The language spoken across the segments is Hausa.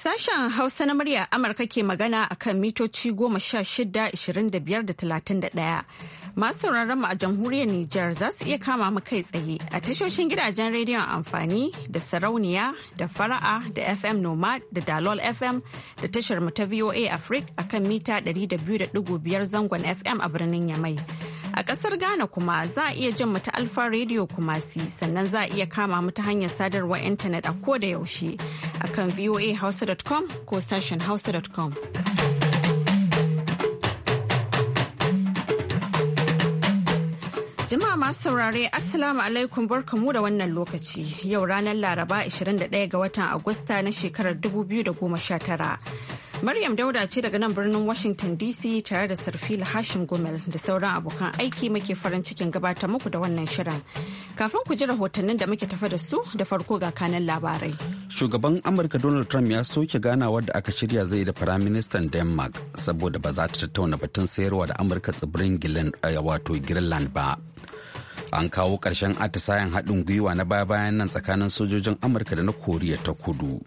Sashen Hausa na murya Amurka ke magana a kan mitoci goma sha shida, ishirin da biyar da talatin da ɗaya. Masu mu a jamhuriyar Nijar za su iya kama mu kai tsaye a tashoshin gidajen rediyon amfani da sarauniya da fara'a da FM Nomad da Dalol FM da tashar mu ta VOA Africa a kan mita 200.5 zangon FM a birnin Yamai. A ƙasar Ghana kuma za a iya jin mu ta Alfa Radio Kumasi sannan za a iya kama mu ta hanyar sadarwar intanet a ko da yaushe a kan voa Hausa hausa.com ko sashen hausa.com. Jama'a masu saurare Assalamu alaikum barkamu da wannan lokaci yau ranar Laraba 21 ga watan Agusta na shekarar 2019. Maryam Dauda ce daga nan birnin Washington DC tare da Sarfila Hashim Gumel da sauran abokan aiki muke farin cikin gabata muku da wannan shirin. Kafin ku ji rahotannin da muke tafa da su da farko ga kanan labarai. Shugaban Amurka Donald Trump ya soke ganawar da aka shirya zai da Firaministan Denmark saboda ba za ta tattauna batun sayarwa da Amurka tsibirin eh, wato Greenland ba. An kawo ƙarshen atisayen haɗin gwiwa na baya-bayan nan tsakanin sojojin Amurka da na Koriya ta Kudu.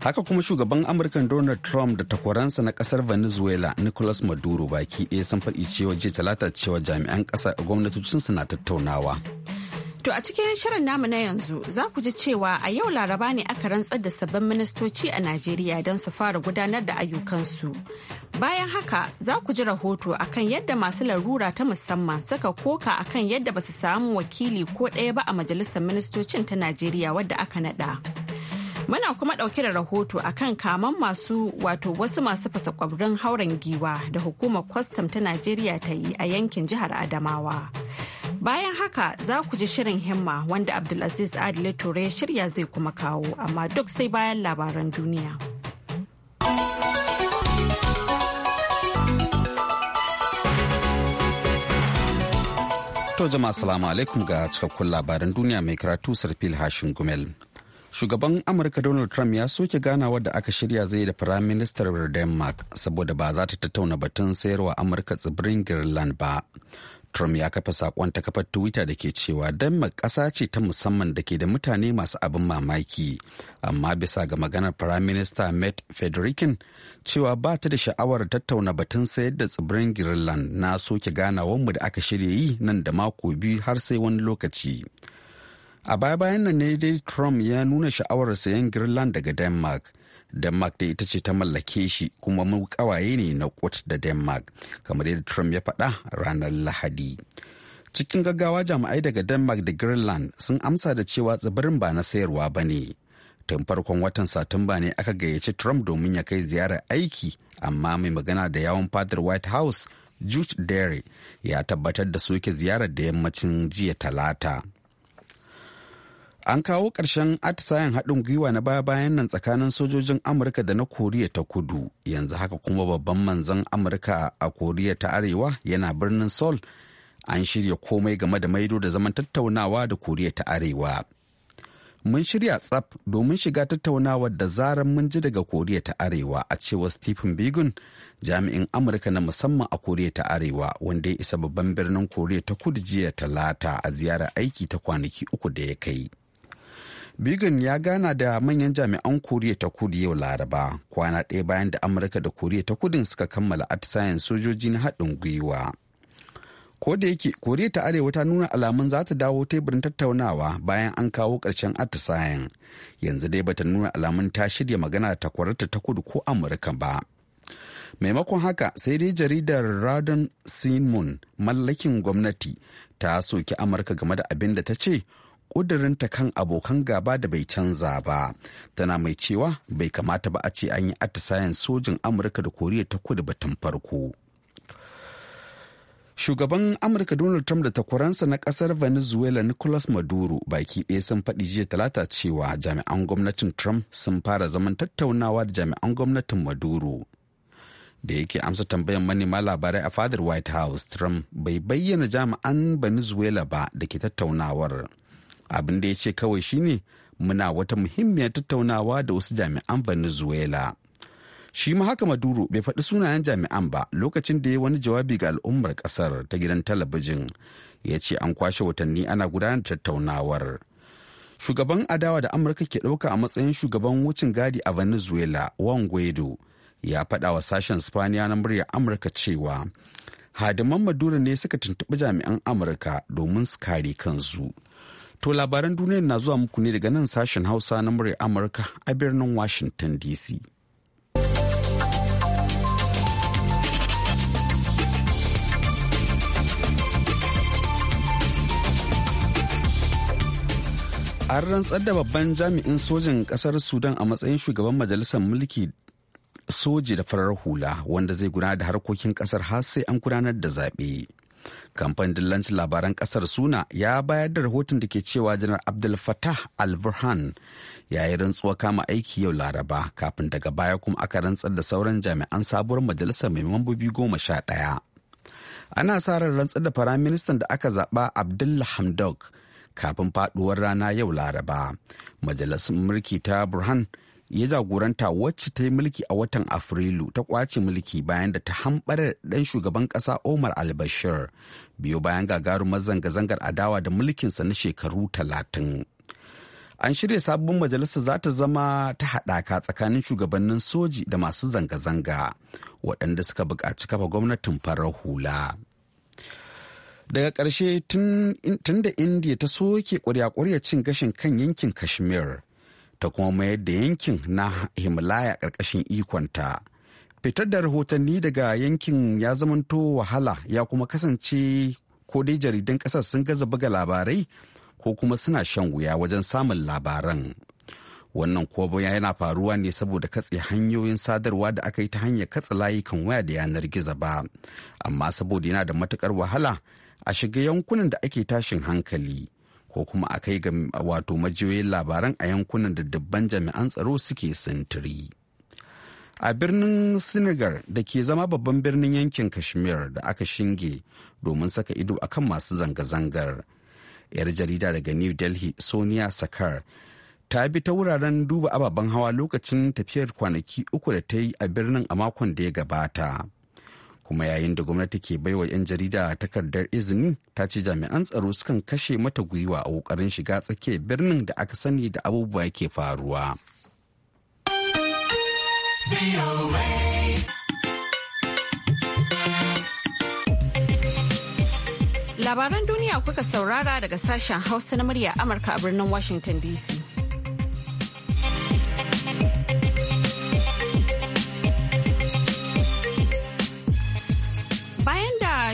haka kuma shugaban amurkan donald trump da takwaransa na kasar venezuela nicolas maduro baki ɗaya sun faɗi cewa jiya talata cewa jami'an ƙasa su na tattaunawa To a cikin shirin namu na yanzu za ku ji cewa a yau laraba ne aka rantsar da sabbin ministoci a Najeriya don su fara gudanar da ayyukansu. Bayan haka za ku ji rahoto akan yadda masu larura ta musamman suka koka akan yadda ba su samu wakili ko ɗaya ba a majalisar ministocin ta Najeriya wadda aka naɗa. Muna kuma ɗauke da rahoto a kan kaman masu wato wasu masu fasa kwabrin hauren giwa da hukumar kwastam ta Najeriya ta yi a yankin jihar Adamawa. Bayan haka za ku ji shirin himma wanda Abdulaziz Adile Ture shirya zai kuma kawo amma duk sai bayan labaran duniya. To jama'a salamu alaikum ga cikakkun labaran duniya mai karatu Sarfil Hashin Gumel. shugaban amurka donald trump ya soke ganawa da aka shirya zai da firaministar denmark saboda ba za ta tattauna batun sayarwa amurka tsibirin greenland ba trump ya kafa sakon ta kafar twitter da ke cewa denmark ƙasa ce ta musamman da ke da mutane masu abin mamaki amma bisa ga maganar firaminista matt federikin cewa ba ta da sha'awar tattauna batun sayar da tsibirin greenland na soke mu da aka shirya yi nan da mako biyu har sai wani lokaci a baya-bayan nan ne dai trump ya nuna sha'awar sayan greenland daga denmark denmark da ita ce ta mallake shi kuma mu kawaye ne na kot da denmark kamar yadda trump ya faɗa ranar lahadi cikin gaggawa jami'ai daga denmark da greenland sun amsa da cewa tsibirin ba na sayarwa ba ne tun farkon watan satumba ne aka gayyaci trump domin ya kai ziyarar aiki amma mai magana da yawon fadar white house jude dare ya tabbatar da soke ziyarar da yammacin jiya talata an kawo ƙarshen atisayen haɗin gwiwa na baya bayan nan tsakanin sojojin amurka da na koriya ta kudu yanzu haka kuma babban manzon amurka a koriya ta arewa yana birnin seoul an shirya komai game da maido da zaman tattaunawa da koriya ta arewa mun shirya tsaf domin shiga tattaunawar da zarar mun ji daga koriya ta arewa a cewar stephen bigun jami'in amurka na musamman a koriya ta arewa wanda ya isa babban birnin koriya ta kudu jiya talata a ziyarar aiki ta kwanaki uku da ya kai bigin ya gana da manyan jami'an Koriya ta Kudu yau Laraba, kwana ɗaya bayan da Amurka da Koriya ta Kudu suka kammala atisayen sojoji na haɗin gwiwa. Ko da yake Koriya ta Arewa ta nuna alamun za ta dawo teburin tattaunawa bayan an kawo ƙarshen atisayen. Yanzu dai bata nuna alamun ta shirya magana da takwararta ta Kudu ko Amurka ba. Maimakon haka sai dai jaridar Radon Simon mallakin gwamnati ta soki Amurka game da abin da ta ce kudurinta kan abokan gaba da bai canza ba tana mai cewa bai kamata ba a ce an yi atisayen sojin amurka da koriya ta kudu batun farko shugaban amurka donald trump da takwaransa na kasar venezuela nicolas maduro baki ɗaya sun faɗi jiya talata cewa jami'an gwamnatin trump sun fara zaman tattaunawa da jami'an gwamnatin maduro da yake amsa tambayan manema labarai a fadar white house trump bai bayyana jami'an venezuela ba da ke tattaunawar abin da ya ce kawai shine muna wata muhimmiyar tattaunawa da wasu jami'an venezuela shi ma haka maduro bai faɗi sunayen jami'an ba lokacin da ya wani jawabi ga al'ummar ƙasar ta gidan talabijin ya ce an kwashe watanni ana gudanar da tattaunawar shugaban adawa da amurka ke ɗauka a matsayin shugaban wucin gadi a venezuela juan guaido ya faɗa wa sashen spaniya na murya amurka cewa hadiman maduro ne suka tuntuɓi jami'an amurka domin su kare kansu To labaran duniya na zuwa muku ne daga nan sashen Hausa na murya Amurka a birnin Washington DC. An rantsar da babban jami'in sojin ƙasar Sudan a matsayin shugaban majalisar mulki soji da farar hula wanda zai gudanar da harkokin ƙasar har sai an gudanar da zaɓe. kamfanin dillancin labaran kasar suna ya bayar da rahoton da ke cewa janar abdul fatah al-burhan ya yi rantsuwa kama aiki yau laraba kafin daga baya kuma aka rantsar da sauran jami'an sabuwar majalisar mai mambobi goma sha ɗaya ana sa ran rantsar da firaministan da aka zaɓa Abdul hamdok kafin faɗuwar rana yau laraba majalisar mulki ta burhan ya jagoranta wacce ta yi mulki a watan afrilu ta kwace mulki bayan da ta hambara dan shugaban kasa omar al-bashir biyo bayan gagarumar zanga-zangar adawa da mulkinsa na shekaru talatin an shirya sabbin majalisa za ta zama ta haɗaka tsakanin shugabannin soji da masu zanga-zanga waɗanda suka buƙaci kafa gwamnatin farar hula daga ƙarshe tun da indiya ta soke ƙwarya-ƙwarya cin gashin kan yankin kashmir ta kuma mayar da yankin na himalaya ƙarƙashin ikonta fitar da rahotanni daga yankin ya zamanto wahala ya kuma kasance ko dai jaridan ƙasar sun gaza buga labarai ko kuma suna shan wuya wajen samun labaran wannan kuwa yana faruwa ne saboda katse hanyoyin sadarwa da aka yi ta hanyar katse layukan waya da yanar gizo ba amma saboda yana da matukar wahala a shiga yankunan da ake tashin hankali ko kuma a kai ga wato majiyoyin labaran a yankunan da dubban jami'an tsaro suke sintiri. A birnin Senegal da ke zama babban birnin yankin Kashmir da aka shinge domin saka ido a kan masu zanga-zangar. 'Yar jarida daga New Delhi Sonia Sakar ta bi ta wuraren duba ababen hawa lokacin tafiyar kwanaki uku da ta yi a birnin a makon da ya gabata. kuma yayin da gwamnati ke baiwa 'yan jarida takardar izini ta ce jami'an tsaro sukan kashe mata gwiwa a kokarin shiga tsakiyar birnin da aka sani da abubuwa yake faruwa. Labaran duniya kuka saurara daga sashen Hausa na murya Amurka a birnin Washington DC.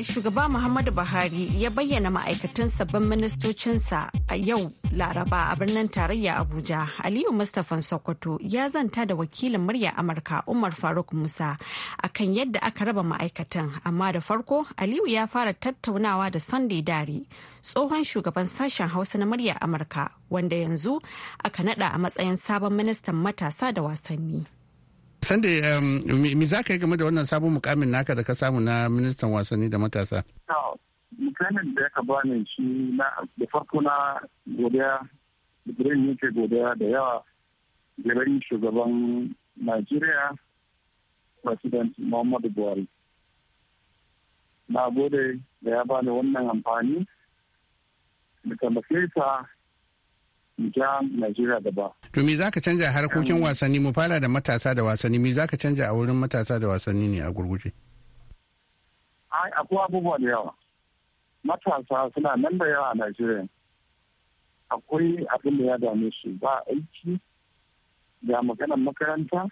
shugaba Muhammadu Buhari ya bayyana ma'aikatan sabbin ministocinsa a yau Laraba a birnin tarayya Abuja, Aliyu Mustapha Sokoto ya zanta da wakilin murya Amurka Umar Faruk Musa akan yadda aka raba ma'aikatan, amma da farko Aliyu ya fara tattaunawa da Sunday Dari, tsohon shugaban sashen Hausa na murya Amurka, wanda yanzu aka nada a matsayin sabon ministan matasa da wasanni. Sande, um, me za ka yi game da wannan sabon mukamin naka da ka samu na ministan wasanni da matasa? Mukamin da ya ka bani shi na da farko na godiya, da Birin yake godiya da yawa, garin shugaban Najeriya, President Muhammadu Buhari. Na gode da ya bani wannan amfani, da tallafesa ja Najeriya gaba. To me za ka canja harkokin um, wasanni mu fara da matasa da wasanni me za ka canja a wurin matasa da wasanni ne a gurguje? Ai akwai abubuwa da yawa. Matasa suna nan da yawa a Najeriya. Akwai abin da ya dame su ba aiki ga maganar makaranta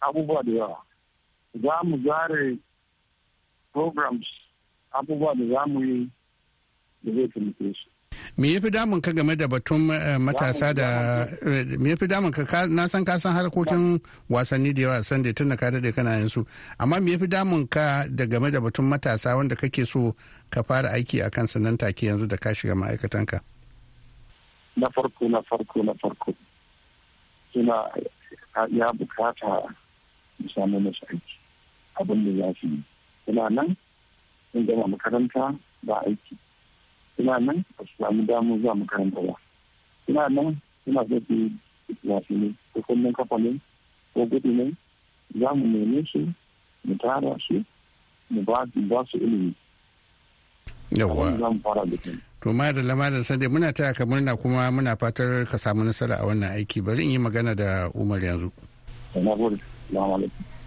abubuwa da yawa. Za mu zare programs abubuwa da za mu yi da zai taimake su. me yafi damun ka game da batun eh, matasa da eh, me yafi damun ka na san ka san harkokin wasanni da yawa san da tun da ka dade kana yin su amma me yafi damun ka da game da batun matasa wanda kake so ka fara aiki a kan nan take yanzu da ka shiga ma'aikatanka na farko na farko na farko ina ya bukata mu samu masu aiki abin da ya fi ina nan in gama makaranta ba aiki suna nan a su samu damar zuwa makaranta ba suna nan suna so su ko kundin kafa ko gudu ne za mu neme su mu tara su mu ba su ilimi yawa to lama da sande muna taya ka murna kuma muna fatar ka samu nasara a wannan aiki bari in yi magana da umar yanzu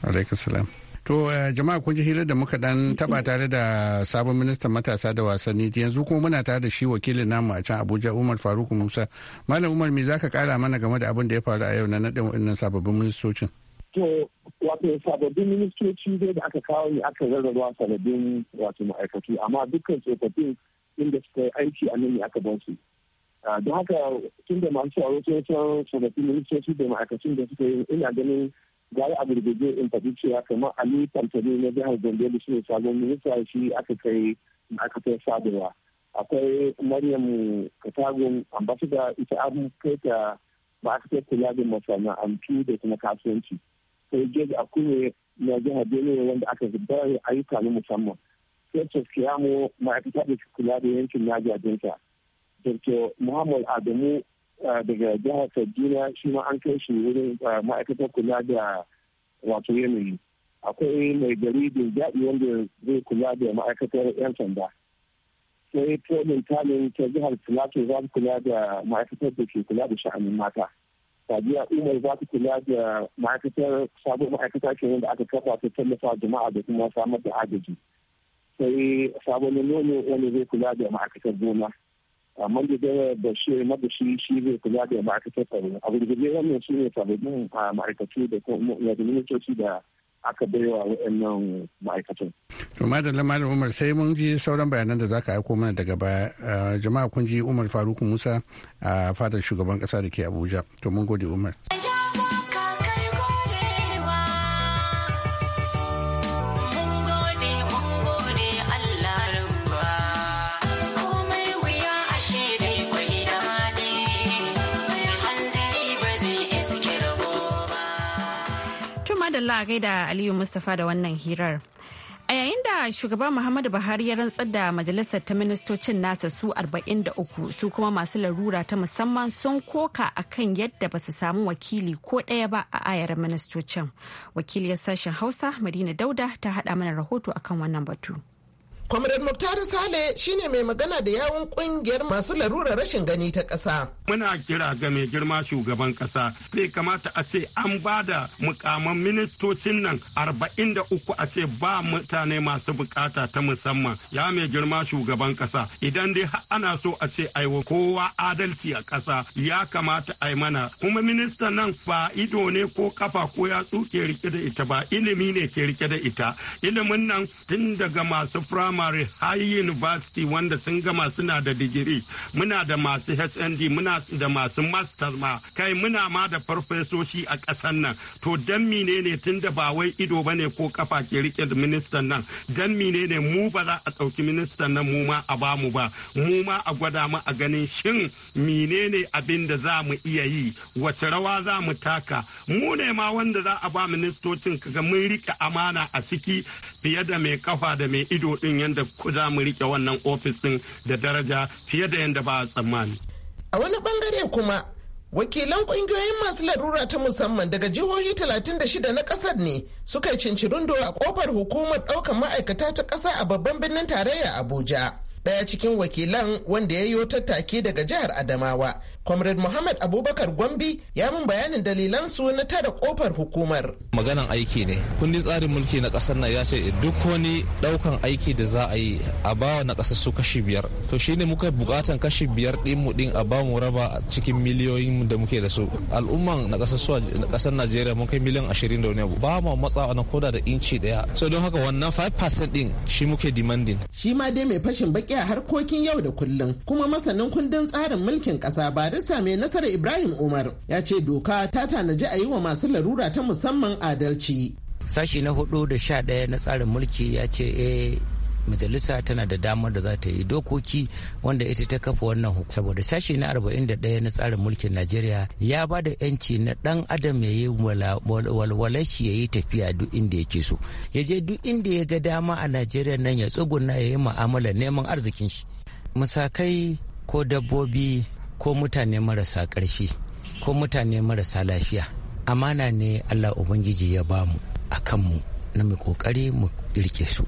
alaikum salam To eh, jama'a kun ji hira da muka dan taba tare da sabon ministan matasa da wasanni yanzu kuma muna tare da shi wakilin namu a can Abuja Umar Faruk Musa. Malam Umar me zaka kara mana game da abin da ya faru a yau na naɗin wannan sababbin ministocin? To wato sababbin ministoci dai da aka kawo ne aka rarraba sababbin wato ma'aikatu amma dukkan tsofaffin inda suka yi aiki a nan ne aka ban su. Ah, don haka tun da masu tsaro sun sababbin ministoci da ma'aikatun da suka yi ina ganin gari a gurguje in faɗi cewa kamar ali tantane na jihar gombe da shi ne sabon minista shi aka kai aka kai sadarwa akwai maryam katagun ambasada ita an kai ta ba aka kai kula da masana'antu da kuma kasuwanci sai george akure na jihar benue wanda aka zubar ayyuka na musamman sai tsoskiyamo ma'aikata da kula da yankin najiya dinta dr muhammad adamu Uh, daga jihar Kaduna shi ma an kai shi wurin uh, ma'aikatar kula da wato yanayi akwai mai gari da jaɗi wanda zai kula da ma'aikatar 'yan sanda sai tolin talin ta jihar filato za kula da ma'aikatar da ke kula da sha'anin mata sadiya umar za ta kula da ma'aikatar sabon ma'aikata ke wanda aka kafa ta tallafa jama'a da kuma samar da agaji sai sabon nono wanda zai kula da ma'aikatar gona amma da da shi na da shi shi zai kula da ma'aikatar tsaro a gurgurde wannan su ne a ma'aikatu da kuma ministoci da aka baiwa waɗannan ma'aikatan. To madalla malam Umar sai mun ji sauran bayanan da zaka aiko mana daga baya. Jama'a kun ji Umar Faruk Musa a fadar shugaban ƙasa da ke Abuja. To mun gode Umar. Allah gaida Aliyu mustafa da wannan hirar. A yayin da shugaba Muhammadu Buhari ya rantsar da majalisar ta ministocin nasa su 43 su kuma masu larura ta musamman sun koka a kan yadda ba su samu wakili ko ɗaya ba a ayar ministocin. Wakiliyar sashen Hausa Madina Dauda ta haɗa mana rahoto akan wannan batu. Comrade Muktar Sale shine mai magana da yawun kungiyar masu larurar rashin gani ta ƙasa. Muna kira ga mai girma shugaban ƙasa zai kamata a ce an ba da mukaman ministocin nan arba'in da uku a ce ba mutane masu bukata ta musamman ya mai girma shugaban ƙasa idan dai ana so a ce aiwa kowa adalci a ƙasa ya kamata a mana kuma minista nan ba ido ne ko kafa ko yatsu ke rike da ita ba ilimi ne ke rike da ita ilimin nan tun daga masu firama primary high university wanda sun gama suna da digiri muna da masu hnd muna da masu masters ma kai muna ma da farfesoshi a ƙasar nan to dan mine ne tun da ba wai ido ba ne ko kafa ke rike da ministan nan dan mine ne mu ba za a ɗauki ministan nan mu ma a ba mu ba mu ma a gwada mu a ganin shin mine ne abin da za mu iya yi wace rawa za mu taka mu ne ma wanda za a ba ministocin kaga mun rike amana a ciki fiye da mai kafa da mai ido din yadda za mu rike wannan ofis din da daraja fiye da yadda ba a tsammani. A wani bangare kuma wakilan kungiyoyin masu larura ta musamman daga jihohi 36 na kasar ne suka rundo a kofar hukumar ɗaukar ma'aikata ta ƙasa a babban birnin tarayya Abuja. Daya cikin wakilan wanda ya yi tattaki daga jihar Adamawa Comrade Muhammad Abubakar Gwambi ya mun bayanin dalilan su na tada kofar hukumar. Maganan aiki ne. Kundin tsarin mulki na kasar nan ya ce duk wani ɗaukan aiki da za a yi a bawa na kasar su kashi biyar. To shi ne muka bukatan kashi biyar din mu din a bamu raba cikin miliyoyin da muke da su. Al'umman na kasar su na kasar Najeriya mun kai miliyan ashirin da wani abu. Ba mu matsa na koda da inci daya. So don haka wannan 5% din shi muke demanding. Shi ma dai mai fashin baki a harkokin yau da kullum kuma masanin kundin tsarin mulkin kasa ba barista mai nasara ibrahim umar ya ce doka ta tanaji a yi wa masu larura ta musamman adalci sashi na hudu da sha daya na tsarin mulki ya ce eh majalisa tana da damar da za ta yi dokoki wanda ita ta kafa wannan hukuma. saboda sashi na daya na tsarin mulkin najeriya ya ba da yanci na dan adam ya yi walwalar shi ya yi tafiya duk inda ke so ya je duk inda ya ga dama a najeriya nan ya tsuguna ya yi mu'amalar neman arzikin shi musakai ko dabbobi ko mutane marasa ƙarfi ko mutane marasa lafiya amana ne allah ubangiji ya bamu a kanmu na mai ƙoƙari mu irke su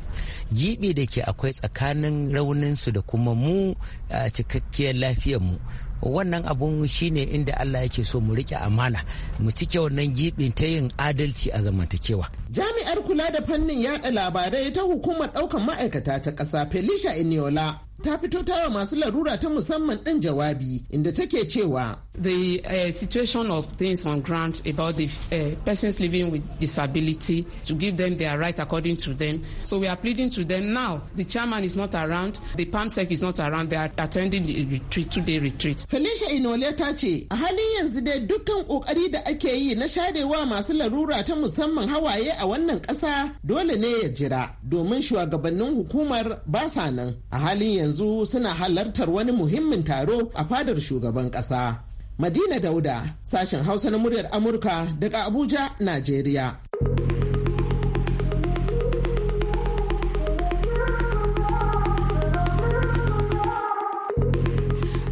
Giɓi da ke akwai tsakanin rauninsu da kuma mu a cikakkiyar lafiyarmu wannan abun shi ne inda allah yake so mu rike amana mu cike wannan gibin ta yin adalci a zamantakewa Jami'ar kula da fannin yada labarai ta hukumar ɗaukar ma'aikata ta ƙasa Felicia Eniola ta fito tawa masu larura ta musamman ɗin jawabi inda take cewa. The uh, situation of things on ground about the uh, persons living with disability to give them their right according to them. So we are pleading to them now. The chairman is not around, the PAMSEC is not around, they are attending the retreat, two-day retreat. Felicia Inole ta ce, a halin yanzu dai dukkan kokari da ake yi na sharewa masu larura ta musamman hawaye a a wannan ƙasa dole ne ya jira domin shugabannin hukumar ba sa nan a halin yanzu suna halartar wani muhimmin taro a fadar shugaban ƙasa. Madina Dauda, sashen Hausa na muryar Amurka daga Abuja, Najeriya.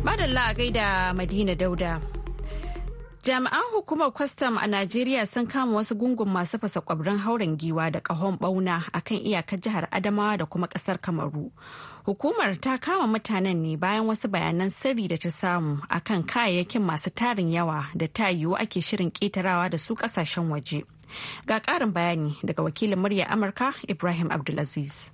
Madalla gaida Madina Dauda. Jami'an hukumar kwastam a Najeriya sun kama wasu gungun masu fasa kwabrin hauren giwa da ƙahon bauna a kan iyakar jihar Adamawa da kuma ƙasar Kamaru. Hukumar ta kama mutanen ne bayan wasu bayanan sirri da ta samu a kan kayayyakin masu tarin yawa da ta yiwu ake shirin ƙetarawa da su ƙasashen waje. Ga ƙarin bayani daga wakilin murya Amurka Ibrahim Abdulaziz.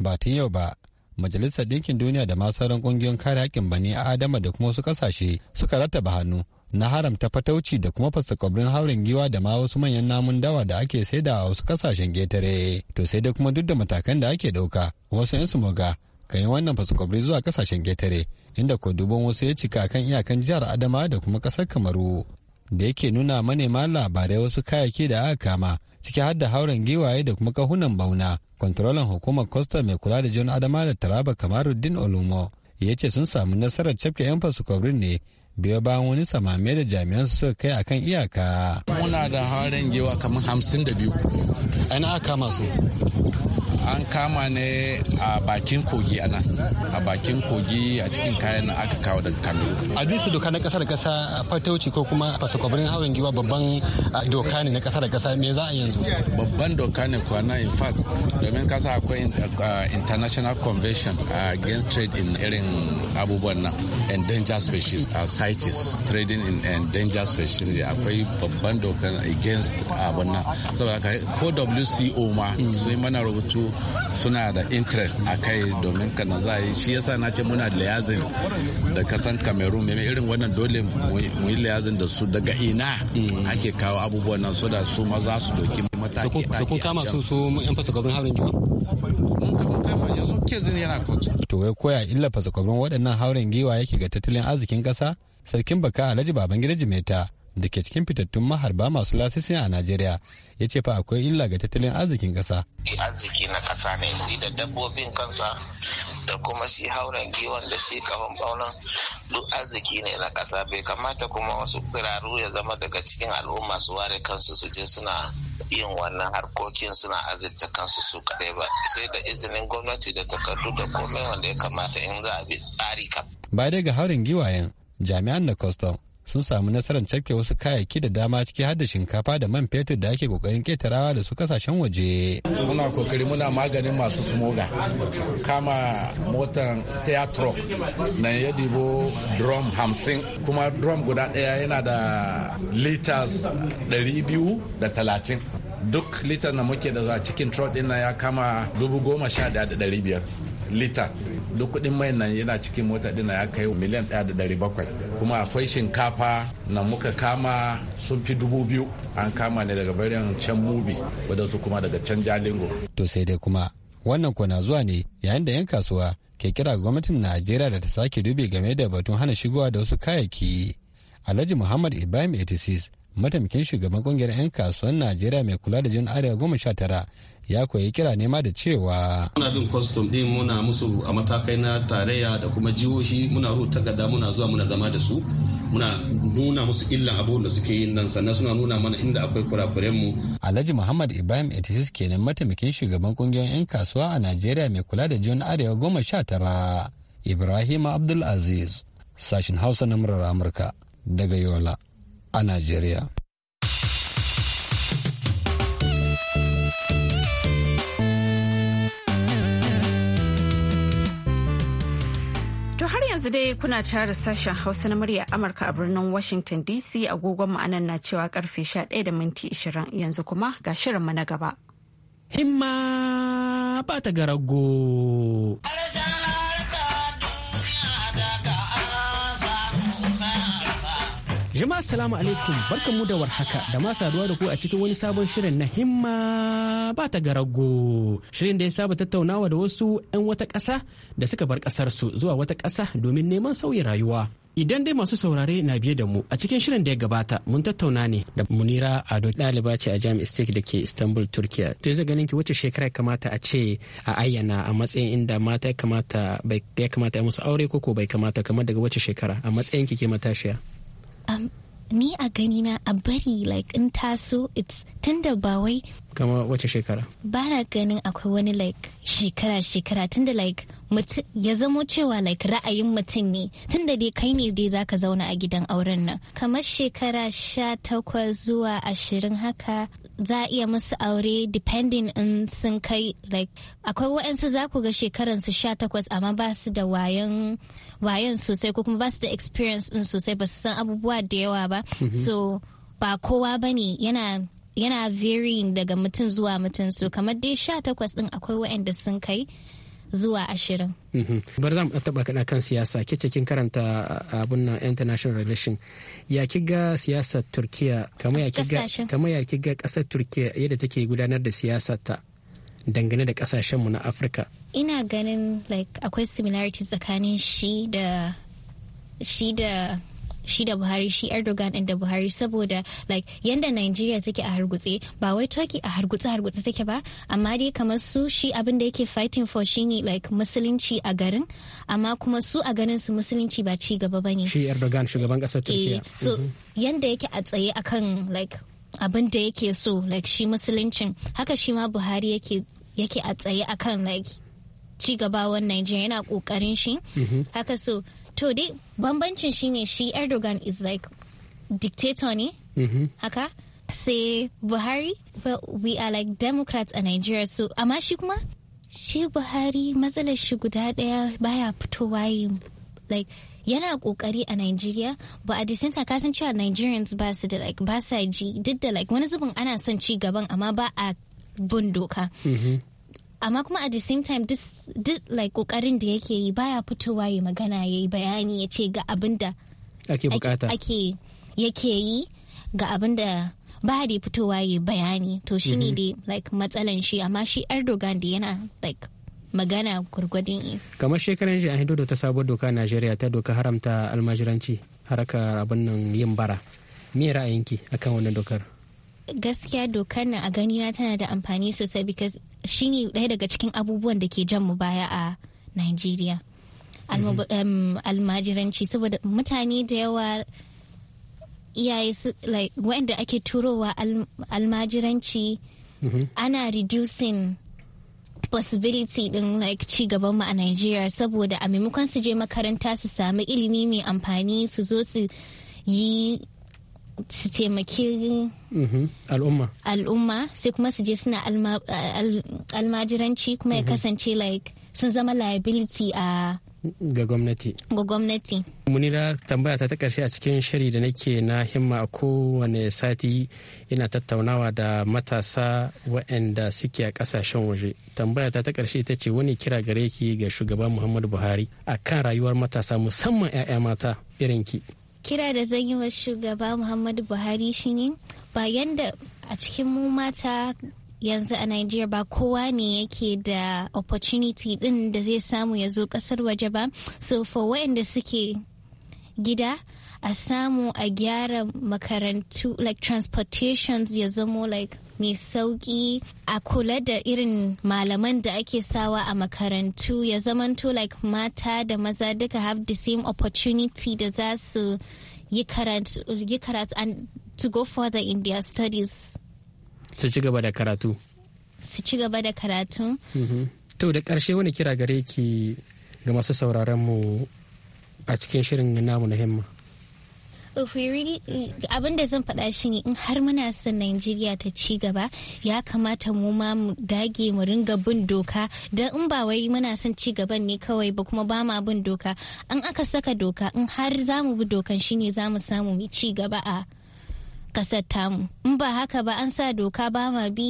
Ba tun yau ba, Majalisar Dinkin Duniya da masu sauran ƙungiyoyin kare haƙƙin bani a Adama da kuma wasu ƙasashe suka rattaba hannu na haramta fatauci da kuma fasa haurin giwa da ma wasu manyan namun dawa da ake saida a wasu kasashen getare to sai da kuma duk da matakan da ake dauka wasu 'yan smoga kan yi wannan fasa zuwa kasashen getare inda ko dubon wasu ya cika kan iyakan jihar adama da kuma kasar kamaru da yake nuna manema labarai wasu kayayyaki da aka kama ciki har da hauren giwaye da kuma kahunan bauna kwantarolan hukumar costa mai kula da john adama da taraba din olumo ya ce sun samu nasarar cafke 'yan fasa ne biyo bayan wani samame da jami'an suka kai akan iyaka muna da harin gewa kamar hamsin da biyu ana aka kama su an kama ne a bakin kogi a nan a bakin kogi a cikin kayan nan aka kawo daga kamilu a bisa doka na kasar kasa fatauci ko kuma fasakwabrin hauren giwa babban doka ne na kasar kasa me za a yanzu babban doka ne kuwa na in fact domin kasa akwai international convention against trade in irin abubuwan nan endangered species sites trading in endangered species akwai babban doka against abun nan saboda ko WCO ma hmm. sai mana rubutu suna da interest a kai domin kana za yi shi yasa na ce muna liyazin da kasan cameroon mai irin wannan dole mu yi liyazin da su daga ina mm. ake kawo abubuwan nan so da su ma za su doki mataki sakun kama su su yan fasa gwamnan hauren giwa to ya koya illa fasa gwamnan waɗannan hauren giwa yake ga tattalin arzikin ƙasa sarkin baka alhaji babangida jimeta da ke cikin fitattun maharba masu lasisi a Najeriya ya ce fa akwai illa ga tattalin arzikin kasa. Shi Arziki na kasa ne shi da dabbobin kansa da kuma shi hauren giwon da shi kafin faunan duk arziki ne na kasa bai kamata kuma wasu firaru ya zama daga cikin al'umma su ware kansu su je suna yin wannan harkokin suna azirta kansu su kaɗai ba sai da izinin gwamnati da takardu da komai wanda ya kamata in za a bi tsari kam. Ba dai ga hauren giwayen jami'an da kwastam sun samu nasarar cafke wasu kayayyaki da dama ciki har da shinkafa da man fetur da ake kokarin ketarawa da su kasashen waje. Muna kokari muna maganin masu smoga kama motar stair truck na ya dibo drum hamsin kuma drum guda ɗaya yana da liters 230 Duk litar na muke da cikin truck na ya kama dubu goma sha da biyar. lita duk kuɗin mai nan yana cikin mota dina ya kai miliyan ɗaya da ɗari bakwai kuma akwai shinkafa na muka kama sun fi dubu biyu an kama ne daga barin can mubi wadansu kuma daga can jalingo to sai dai kuma wannan ko zuwa ne yayin da 'yan kasuwa ke kira gwamnatin najeriya da ta sake dubi game da batun hana shigowa da wasu kayayyaki alhaji muhammad ibrahim 86 mataimakin shugaban kungiyar 'yan kasuwan najeriya mai kula da jin arewa goma sha tara ya koyi kira nema da cewa muna bin kwastom din muna musu a matakai na tarayya da kuma jihohi muna ruwa takarda muna zuwa muna zama da su muna nuna musu illan abubuwan da suke yin nan sannan suna nuna mana inda akwai kurakuren mu alhaji muhammad ibrahim etisis kenan mataimakin shugaban kungiyar 'yan kasuwa a najeriya mai kula da jin arewa goma sha tara ibrahim abdulaziz sashin hausa na murar amurka daga yola a Najeriya. To har yanzu dai kuna tare sashen Hausa na murya Amurka a birnin Washington DC agogon ma'anan na cewa karfe 11 da minti 20 yanzu kuma ga shirinmu na gaba. Himma ba ta garago. Jama'a salamu alaikum barkanmu da warhaka da ma saduwa da ku a cikin wani sabon shirin na himma ba ta garago. Shirin da ya saba tattaunawa da wasu 'yan wata ƙasa da suka bar ƙasarsu zuwa wata ƙasa domin neman sauyin rayuwa. Idan dai masu saurare na biye da mu a cikin shirin da ya gabata mun tattauna ne da Munira Ado ɗaliba ce a Jami'a Stik da ke Istanbul Turkiya. To yanzu ganin ki wace shekara kamata a ce a ayyana a matsayin inda mata ya kamata ya musu aure ko ko bai kamata kamar daga wace shekara a matsayin ki ke matashiya. Um, ni a gani na a bari like in taso it's tunda ba wai kama wace shekara ba na ganin akwai wani like shekara shekara tunda like mutum ya zamo cewa like ra'ayin mutum ne tunda dai kai ne dai zaka zauna a gidan auren nan kamar shekara sha takwas zuwa ashirin haka za a iya musu aure depending in sun kai like akwai waɗansu za ku ga shekaransu sha takwas amma ba su da wayan wayan sosai ko kuma ba su da experience din sosai ba su san abubuwa da yawa ba mm-hmm. so ba kowa ba ne yana yana varying daga mutum zuwa mutum so kamar dai sha takwas din akwai wa'anda sun kai zuwa ashirin. Mm-hmm. bar za mu taɓa kaɗa kan siyasa ke cikin karanta abun nan international relation ya kiga siyasar turkiya kamar ya kiga ƙasar turkiya yadda take gudanar da siyasarta dangane da ƙasashenmu na afirka ina ganin like akwai similarities tsakanin shi da shi da shi da buhari shi erdogan din da buhari saboda like yanda nigeria take a hargutse ba wai turkey a hargutse hargutse take ba amma dai kamar su shi abin da yake fighting for shi ne like musulunci a garin amma kuma su a ganin su musulunci ba ci gaba bane shi erdogan shugaban kasar turkiya eh, so mm-hmm. yanda yake a tsaye akan like abin da yake so like shi musuluncin haka shi ma buhari yake yake a tsaye akan like ci gabawan Nigeria yana kokarin shi mhm. haka so to dai bambancin shine shi Erdogan is like dictator ne mhm. haka sai Buhari we are like democrats a Nigeria so amma shi kuma shi Buhari matsalar shi guda daya baya fitowa yi like yana kokari a Nigeria ba a disinta san cewa Nigerians ba su da like ba sa ji duk da like wani zubin ana son ci gaban amma ba a bin doka. Mhm. amma kuma at the same time duk like kokarin da yake yi baya fitowa ya magana ya yi bayani ya ce ga abin da ake bukata ake yake yi ga abin da ba da fitowa ya bayani to shi ne mhm. dai like matsalan shi amma shi erdogan da yana like magana yi kamar shekaran shi an hido da ta sabuwar doka najeriya ta doka haramta almajiranci haraka abin nan yin bara me ra'ayinki akan wannan dokar gaskiya dokar na a ganina tana da amfani sosai because shine ɗaya daga cikin abubuwan da ke jan mu baya a Najeriya. Mhm. Almajiranci saboda mutane da yawa iyaye su like ake turowa almajiranci mhm. ana reducing possibility din like ci gaban mu a Najeriya saboda a maimakon su je makaranta su sami ilimi mai amfani su zo su yi su taimaki mm-hmm. al'umma al'umma sai kuma su je suna almajiranci kuma ya mm-hmm. kasance like sun zama liability a ga gwamnati ga gwamnati munira tambaya ta ta karshe a cikin shari da nake na himma a kowane sati ina tattaunawa da matasa waɗanda suke a ƙasashen waje tambaya ta ta karshe ita ce wani kira gare ki ga shugaban muhammadu buhari a kan rayuwar matasa musamman 'ya'ya mata irin ki. kira da zan yi wa shugaba muhammadu buhari shine ba yanda a cikin mu mata yanzu a Najeriya ba kowa ne yake da opportunity din da zai samu ya zo kasar waje ba so for waɗanda suke gida a samu a gyara makarantu like transportations ya zamo like mai sauki a kula da irin malaman da ake sawa a makarantu ya zamanto like mata da maza duka have the same opportunity da za su yi karatu and to go further in their studies su ci gaba da karatu su ci gaba da karatu mm-hmm. to da karshe wani kira gare ki ga masu sauraron mu a cikin shirin namu na himma abin da zan faɗa shi ne in har muna son Najeriya ta ci gaba ya kamata mu ma mu dage mu ringa bin doka don in ba wai muna son ci gaban ne kawai ba kuma ba ma bin doka an aka saka doka in har za mu bi dokan shine za mu samu mu ci gaba a kasar tamu in ba haka ba an sa doka ba ma bi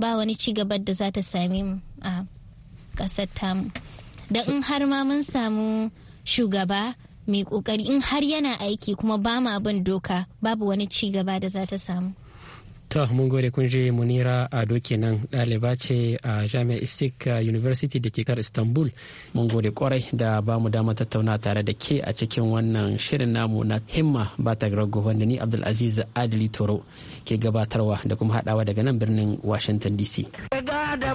ba wani ci da za ta same mu a kasar tamu da in har ma mun samu shugaba mai kokari in har yana aiki kuma ba mu bin doka babu wani ci gaba da za ta samu ta mun gode kun je munira ado kenan ɗaliba ce a jami'a istik uh, university da ke kar istanbul mun gode kwarai da ba mu dama tattauna tare da ke a cikin wannan shirin namu na himma ba ta rago wanda ni abdulaziz adili toro ke gabatarwa da kuma haɗawa daga nan birnin washington dc da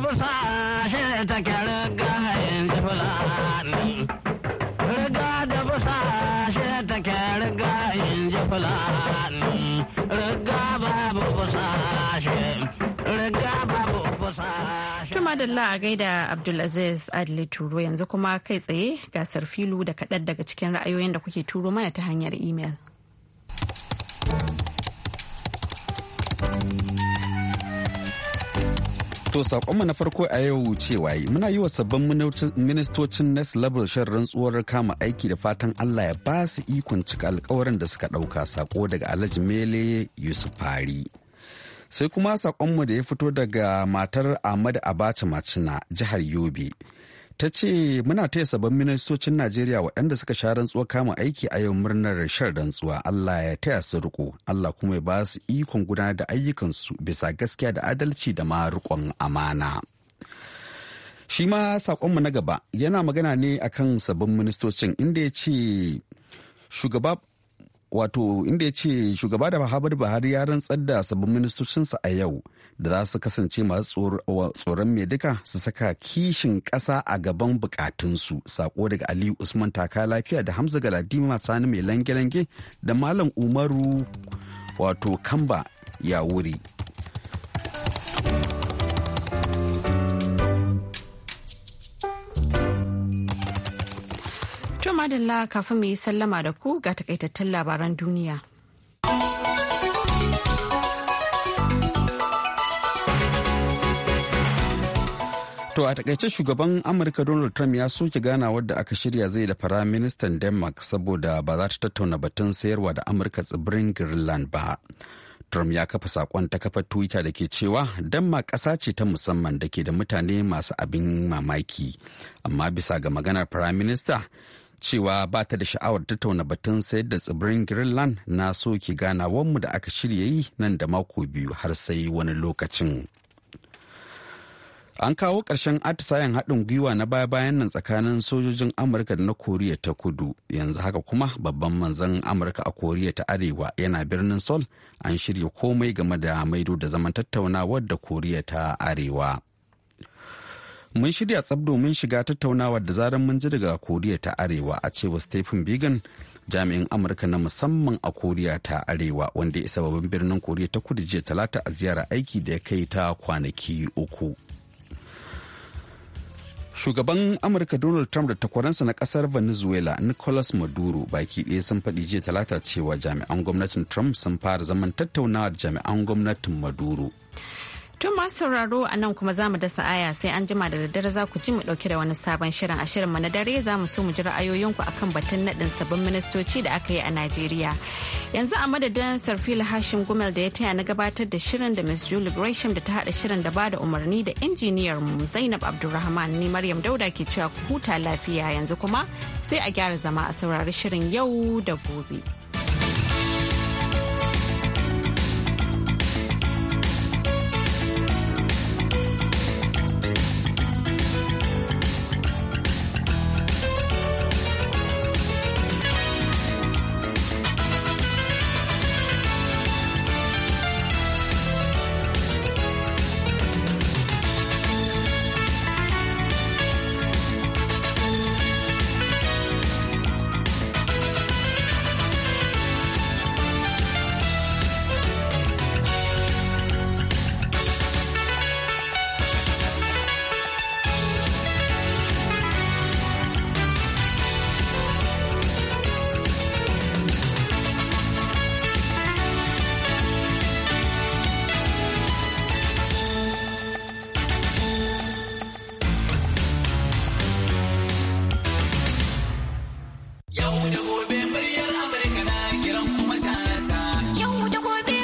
Alhamdulillah a gaida Abdulaziz Adli Turo yanzu kuma kai tsaye gasar filu da kaɗan daga cikin ra'ayoyin da kuke turo mana ta hanyar imel. To saƙonmu na farko a yau cewa muna yi wa sabbin ministocin next level shan rantsuwar kama aiki da fatan Allah ya ba su ikon cika alkawarin da suka ɗauka saƙo daga Alhaji Mele Yusuf Fari. sai kuma saƙonmu da ya fito daga matar ahmad abacha macina jihar yobe ta ce muna taya sabon ministocin najeriya waɗanda suka sha rantsuwa kama aiki a yau murnar shan rantsuwa allah ya taya su riko allah kuma ya ba su ikon gudanar da ayyukansu bisa gaskiya da adalci da ma riƙon amana shi ma saƙonmu na gaba yana magana ne akan sabon ministocin inda ya ce shugaba wato inda ya ce shugaba da Muhammad Buhari ya rantsar da sabbin ministocinsa a yau da za su kasance masu tsoron mai duka su saka kishin ƙasa a gaban bukatunsu sako daga Aliyu Usman taka lafiya da Hamza Galadima Sani mai lange-lange da Malam Umaru wato Kamba ya wuri. madalla kafin mu yi sallama da ku ga takaitattun labaran duniya. To a takaice shugaban Amurka Donald Trump ya soke gana da aka shirya zai da firaministan Denmark saboda ba za ta tattauna batun sayarwa da Amurka tsibirin Greenland ba. Trump ya kafa sakon ta kafar Twitter da ke cewa Denmark ƙasa ce ta musamman da ke da mutane masu abin mamaki. Amma bisa ga maganar firaminista cewa ba ta da sha'awar tattauna batun sayar da tsibirin greenland na soke ganawanmu da aka shirya yi nan da mako biyu har sai wani lokacin an kawo ƙarshen atisayen haɗin gwiwa na baya-bayan nan tsakanin sojojin amurka da na koriya ta kudu yanzu haka kuma babban manzan amurka a koriya ta arewa yana birnin sol an shirya komai game da maido da zaman tattaunawar da koriya ta arewa mun shirya tsab domin shiga tattaunawa da zarar mun ji daga koriya ta arewa a cewa stephen bigan jami'in amurka na musamman a koriya ta arewa wanda isa babban birnin koriya ta kudu jiya talata a ziyara aiki da ya kai ta kwanaki uku shugaban amurka donald trump da takwaransa na kasar venezuela nicolas maduro baki ɗaya sun faɗi jiya talata cewa jami'an gwamnatin trump sun fara zaman tattaunawa da jami'an gwamnatin maduro Tun masu sauraro a nan kuma za mu dasa aya sai an jima da daddare za ku ji mu dauke da wani sabon shirin a shirin na dare za mu so mu ji ra'ayoyinku kan batun naɗin sabbin ministoci da aka yi a Najeriya. Yanzu a madadin Sarfil Hashim Gumel da ya taya na gabatar da shirin da Miss Julie Gresham da ta hada shirin da bada umarni da injiniyar mu Zainab Abdulrahman ni Maryam Dauda ke cewa ku huta lafiya yanzu kuma sai a gyara zama a saurari shirin yau da gobe.